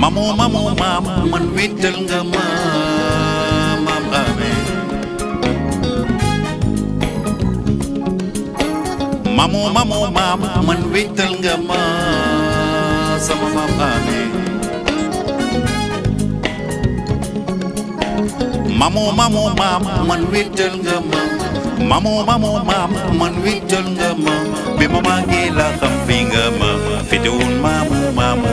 mamoo mamoo maam man wéetal nga ma maam amee mamoo mamoo maam man wéetal nga ma sama maam amee mamoo mamoo maam man wéetal nga ma mamoo mamoo maam man nga ma bi ma maa ngi nga ma fi teewul maamu maamu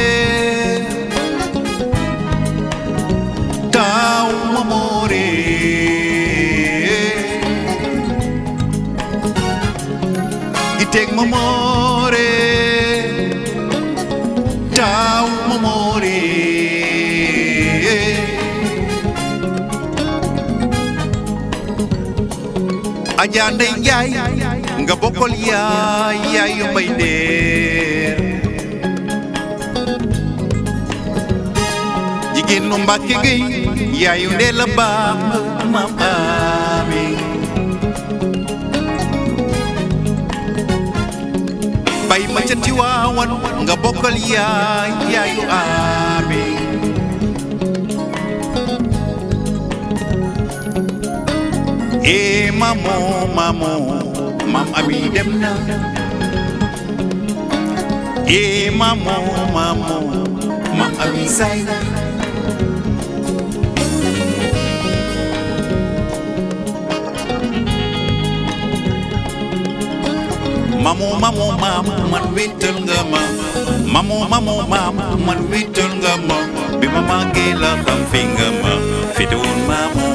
a Ndeye Ndiaye nga bokkal yaay yaayu mbay ndeer jigéenu Mbàkke gay yaayu ndee la baax maam bay ma ca Tiwaawan nga bokkal yaay yaayu ami eh mamo mamo mam abi dem na eh mamo mamo mam abi say na mamo mamo mamo, man wéetal nga ma mamo mamo mam man wéetal nga ma bi ma màggee la xam fi nga ma fi tewoon mamo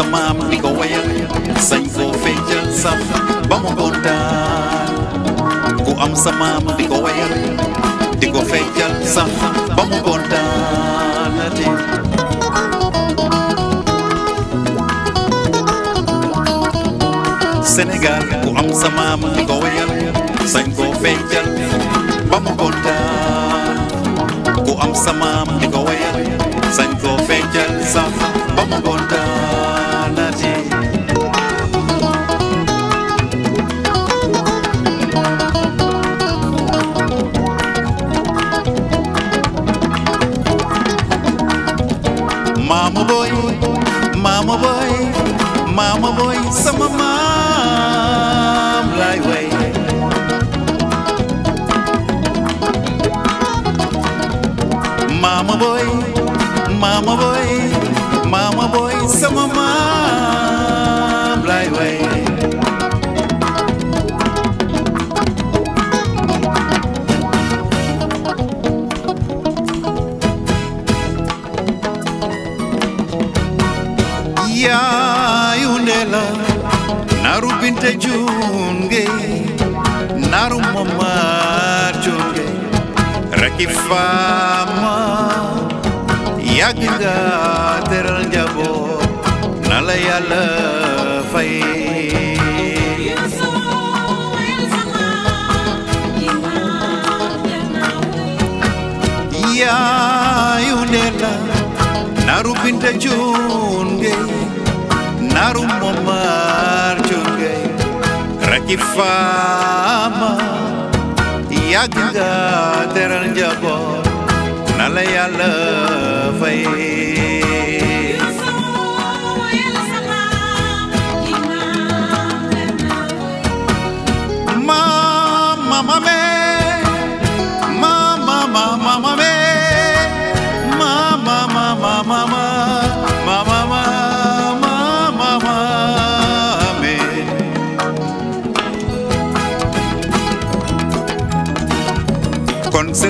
sa maam di am sa maam di ko wayal di ko am sa maam di ko wayal sañ Mama boy, mama boy, mama boy, sama mam lai way. Mama boy, mama boy, mama boy, sama mam. naru binte junge naru mama junge raki fama yaginga teral jabo nala yalla fay yayunela narubinte junge narumomar ki fama yagga teran jabo nala yalla fay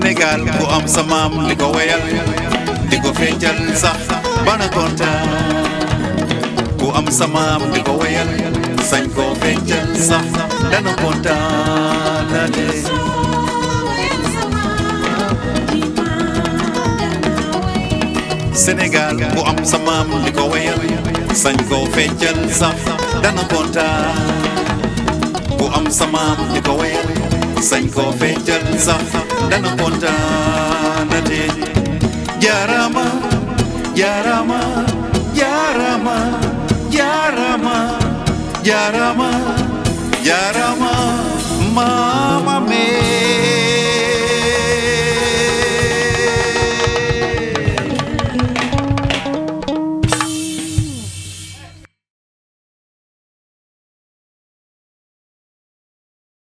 Sénégal ku am sa maam di ko wéyal di ko feccal sax bana kontaan ku am sa maam di ko wéyal sañ koo feccal sax dana kontaan Sénégal ku am sa maam di ko wéyal sañ koo feccal sax dana kontaan ku am sa maam di ko wéyal sañ ko feccal sax dana kontaanate jaarama ya jaarama ya jaarama ya jaarama jaarama jaarama mama me